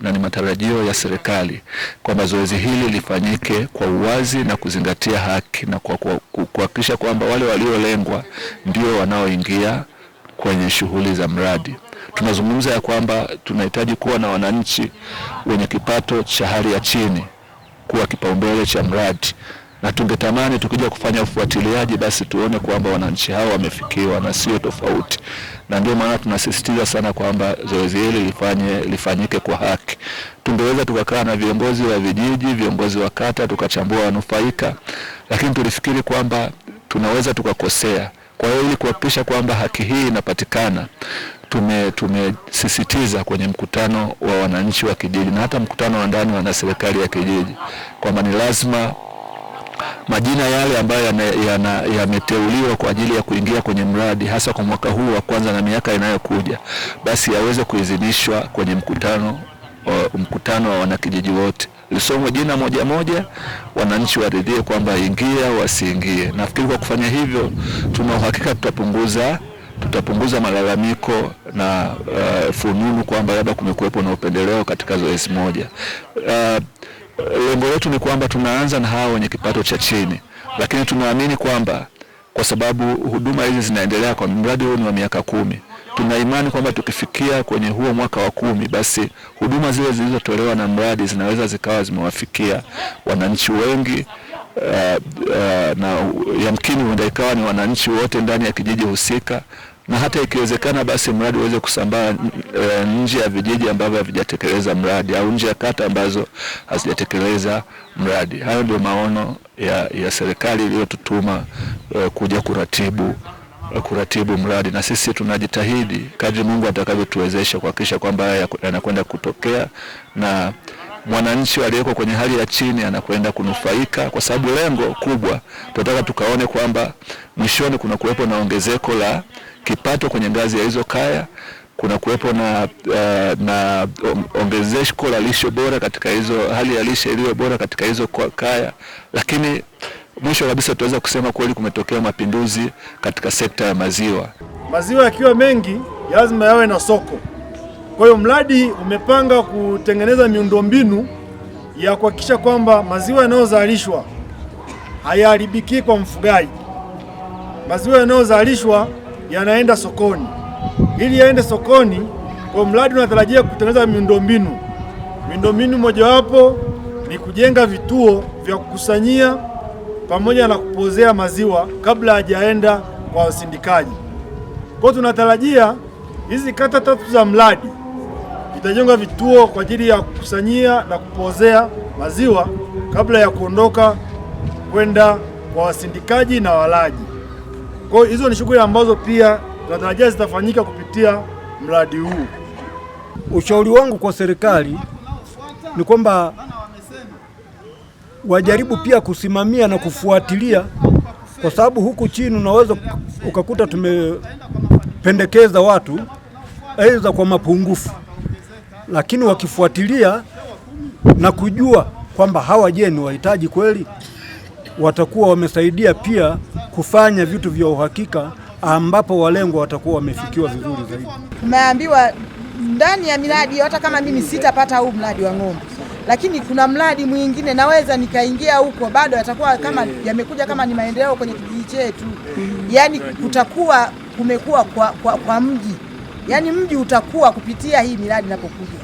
Na ni matarajio ya serikali kwamba zoezi hili lifanyike kwa uwazi na kuzingatia haki na kuhakikisha kwamba wale waliolengwa ndio wanaoingia kwenye shughuli za mradi. Tunazungumza ya kwamba tunahitaji kuwa na wananchi wenye kipato cha hali ya chini kuwa kipaumbele cha mradi na tungetamani tukija kufanya ufuatiliaji basi tuone kwamba wananchi hao wamefikiwa na sio tofauti, na ndio maana tunasisitiza sana kwamba zoezi hili lifanye lifanyike kwa haki. Tungeweza tukakaa na viongozi wa vijiji, viongozi wa kata, tukachambua wanufaika, lakini tulifikiri kwamba tunaweza tukakosea. Kwa hiyo ili kuhakikisha kwamba haki hii inapatikana tumesisitiza tume kwenye mkutano wa wananchi wa kijiji na hata mkutano wa ndani wa serikali ya kijiji kwamba ni lazima majina yale ambayo yameteuliwa ya ya kwa ajili ya kuingia kwenye mradi hasa kwa mwaka huu wa kwanza na miaka inayokuja, basi yaweze kuidhinishwa kwenye mkutano wa, mkutano wa wanakijiji wote lisomwe jina moja moja, wananchi waridhie kwamba ingie au wasiingie. Nafikiri kwa kufanya hivyo, tuna uhakika tutapunguza tutapunguza malalamiko na uh, fununu kwamba labda kumekuwepo na upendeleo katika zoezi moja uh, Lengo letu ni kwamba tunaanza na hawa wenye kipato cha chini, lakini tunaamini kwamba kwa sababu huduma hizi zinaendelea kwa mradi huu ni wa miaka kumi, tuna imani kwamba tukifikia kwenye huo mwaka wa kumi, basi huduma zile zilizotolewa na mradi zinaweza zikawa zimewafikia wananchi wengi. Uh, uh, na yamkini huenda ikawa ni wananchi wote ndani ya kijiji husika na hata ikiwezekana basi mradi uweze kusambaa e, nje ya vijiji ambavyo havijatekeleza mradi au nje ya kata ambazo hazijatekeleza mradi. Hayo ndio maono ya, ya serikali iliyotutuma e, kuja kuratibu eh, kuratibu mradi na sisi tunajitahidi kadri Mungu atakavyotuwezesha kuhakikisha kwamba haya yanakwenda kutokea na mwananchi aliyeko kwenye hali ya chini anakwenda kunufaika, kwa sababu lengo kubwa tunataka tukaone kwamba mwishoni kuna kuwepo na ongezeko la kipato kwenye ngazi ya hizo kaya, kuna kuwepo na, uh, na ongezeko la lishe bora katika hizo, hali ya lishe iliyo bora katika hizo kaya, lakini mwisho kabisa tunaweza kusema kweli kumetokea mapinduzi katika sekta ya maziwa. Maziwa yakiwa mengi lazima yawe na soko. Kwa hiyo mradi umepanga kutengeneza miundombinu ya kuhakikisha kwamba maziwa yanayozalishwa hayaharibiki kwa mfugaji. Maziwa yanayozalishwa yanaenda sokoni. Ili yaende sokoni, kwa mradi unatarajia kutengeneza miundombinu. Miundombinu mojawapo ni kujenga vituo vya kukusanyia pamoja na kupozea maziwa kabla hajaenda kwa usindikaji. Kwa tunatarajia hizi kata tatu za mradi itajenga vituo kwa ajili ya kukusanyia na kupozea maziwa kabla ya kuondoka kwenda kwa wasindikaji na walaji. Kwa hiyo hizo ni shughuli ambazo pia tunatarajia zitafanyika kupitia mradi huu. Ushauri wangu kwa serikali ni kwamba wajaribu pia kusimamia na kufuatilia, kwa sababu huku chini unaweza ukakuta tumependekeza watu aidha kwa mapungufu, lakini wakifuatilia na kujua kwamba hawa je, ni wahitaji kweli? watakuwa wamesaidia pia kufanya vitu vya uhakika ambapo walengwa watakuwa wamefikiwa vizuri zaidi. Tumeambiwa ndani ya miradi, hata kama mimi sitapata huu mradi wa ng'ombe, lakini kuna mradi mwingine naweza nikaingia huko, bado yatakuwa kama yamekuja kama ni maendeleo kwenye kijiji chetu. Yaani kutakuwa kumekuwa kwa, kwa, kwa mji, yaani mji utakuwa kupitia hii miradi inapokuja.